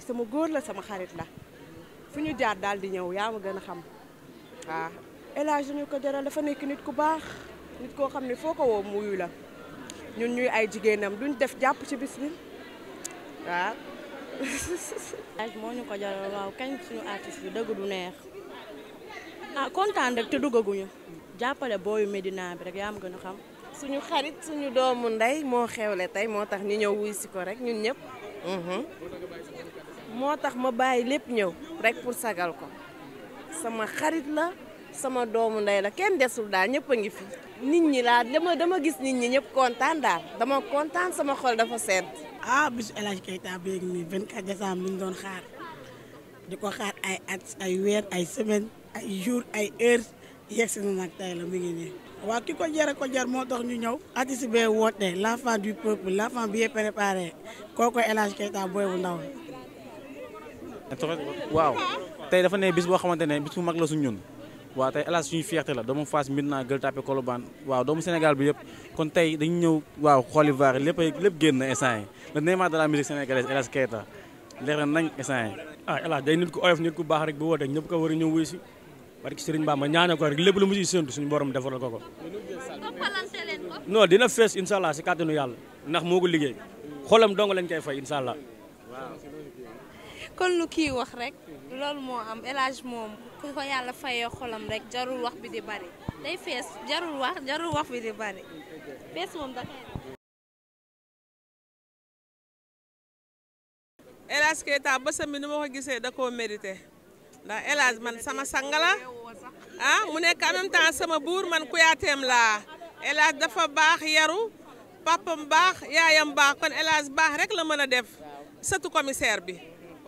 sama góor la sama xarit la fu ñu jaar daal di ñëw yaa ma gën a xam waaw ah. El Hadj ñu ko jaral dafa nekk nit ku baax nit koo xam ne foo ko woo muyu la ñun ñuy ay jigéenam duñ def jàpp ci bis bi waaw. Ah. El moo ñu ko jaral waaw kañ suñu artiste bi dëgg du neex ah kontaan rek te duggaguñu jàppale booyu Medina bi rek yaa ma gën a xam. suñu xarit suñu doomu ndey moo xewle tey moo tax ñu ñëw wuy si ko rek ñun ñëpp. Mhm. moo tax ma bàyyi lépp ñëw rek pour sagal ko sama xarit la sama doomu ndey la kenn desul daal ñëpp a ngi fi. nit ñi laa dama dama gis nit ñi ñëpp kontaan daal dama kontaan sama xol dafa sedd. ah bisu El Hadj Keita beeg nii 24 doon xaar di ko xaar ay at weer ay semaine ay jour ay heure yegg si na nag tey la mi ngi nii. waaw ki ko jar ko jar moo tax ñu ñëw. artiste bee woote l'enfant du peuple l'enfant bien préparé kooku El Hadj Keita booy bu ndaw waaw tey dafa ne bis boo xamante ne bis bu mag la su ñun waaw tey hélas suñu fierté la doomu Fass Médina Gueule Tapée Colobane waaw doomu Sénégal bi yëpp kon tey dañu ñëw waaw xooli vaar lépp lépp génn instant yi le Neymar de la musique sénégalaise Hélas Keita leer na nañ instant ah, day nit ku oyof nit ku baax rek bu woote ñëpp ko war a ñëw wuy si parce que Serigne Bamba ñaanal ko lépp lu mu si séntu suñu borom defaral ko ko non dina fees incha allah si kàttanu yàlla ndax moo ko liggéey xoolam dong lañ koy fay incha kon lu kii wax rek loolu moo am élage moom ko yàlla fayee xolam rek jarul wax bi di bari day fees jarul wax jarul wax bi di bari fees moom da koy Elaj Keita bësam bi ni ma ko gisee da koo mérité ndax Elaj man sama sangala ah mu nekk en même sama buur man kuyaateem laa Elaj dafa baax yaru papam baax yaayam baax kon Elaj baax rek la mën a def sëtu commissaire bi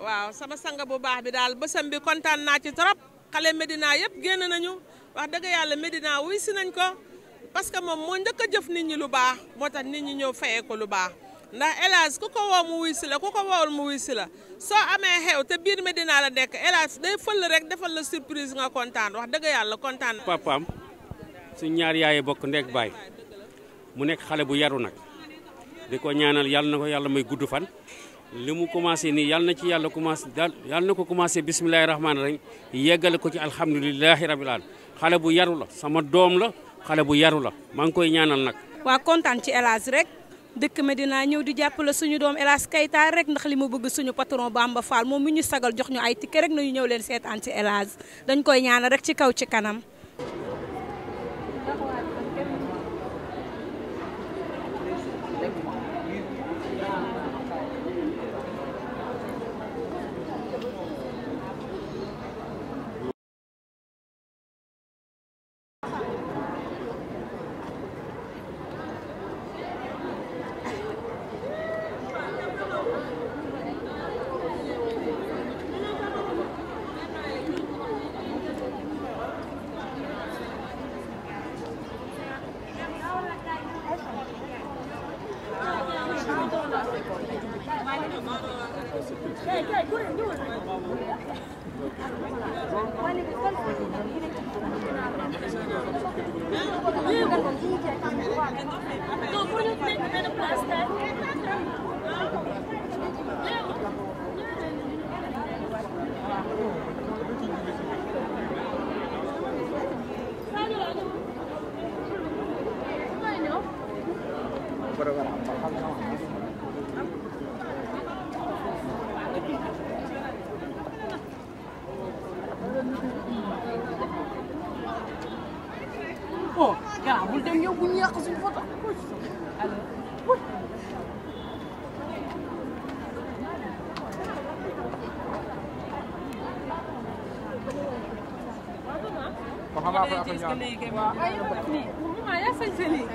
waaw sama sang bu baax bi daal bësam bi kontaan naa ci trop xale Medina yëpp génn nañu wax dëgg yàlla Medina wuy nañ ko parce que moom moo njëkk a jëf nit ñi lu baax moo tax nit ñi ñëw fayee ko lu baax ndax El Hadj ku ko woo mu wuy la ku ko woowul mu wuy si la soo amee xew te biir Medina la nekk El Hadj day fël rek defal la surprise nga kontaan wax dëgg yàlla kontaan na. papaam suñ ñaar yaay bokk ndek baay mu nekk xale bu yaru nag di ko ñaanal yàlla na ko yàlla may gudd fan. li mu commencé nii yàlla na ci yàlla commencé daal yàlla na ko commencé bisimilahi rahmaani rahim yeggale ko ci alhamdulilahi rabil alamin xale bu yaru la sama doom la xale bu yaru la maa ngi koy ñaanal nag. waa kontaan ci El rek dëkk ma dinaa ñëw di jàppale suñu doom El Hadj Keita rek ndax li mu bëgg suñu patron Bamba Fall moom mu ñu sagal jox ñu ay ticket rek na ñu ñëw leen seetaan ci El dañ koy ñaanal rek ci kaw ci kanam. programa. yow bu ñu yàq suñu photo. ba xam nga après après ñu waaw aywa nii maman yaa sañ sa lii.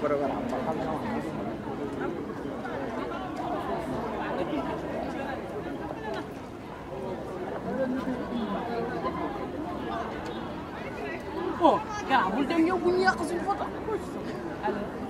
Pero ganamos, bajamos, oh garaawul dem yow bu ñu yàq suñu photo alors.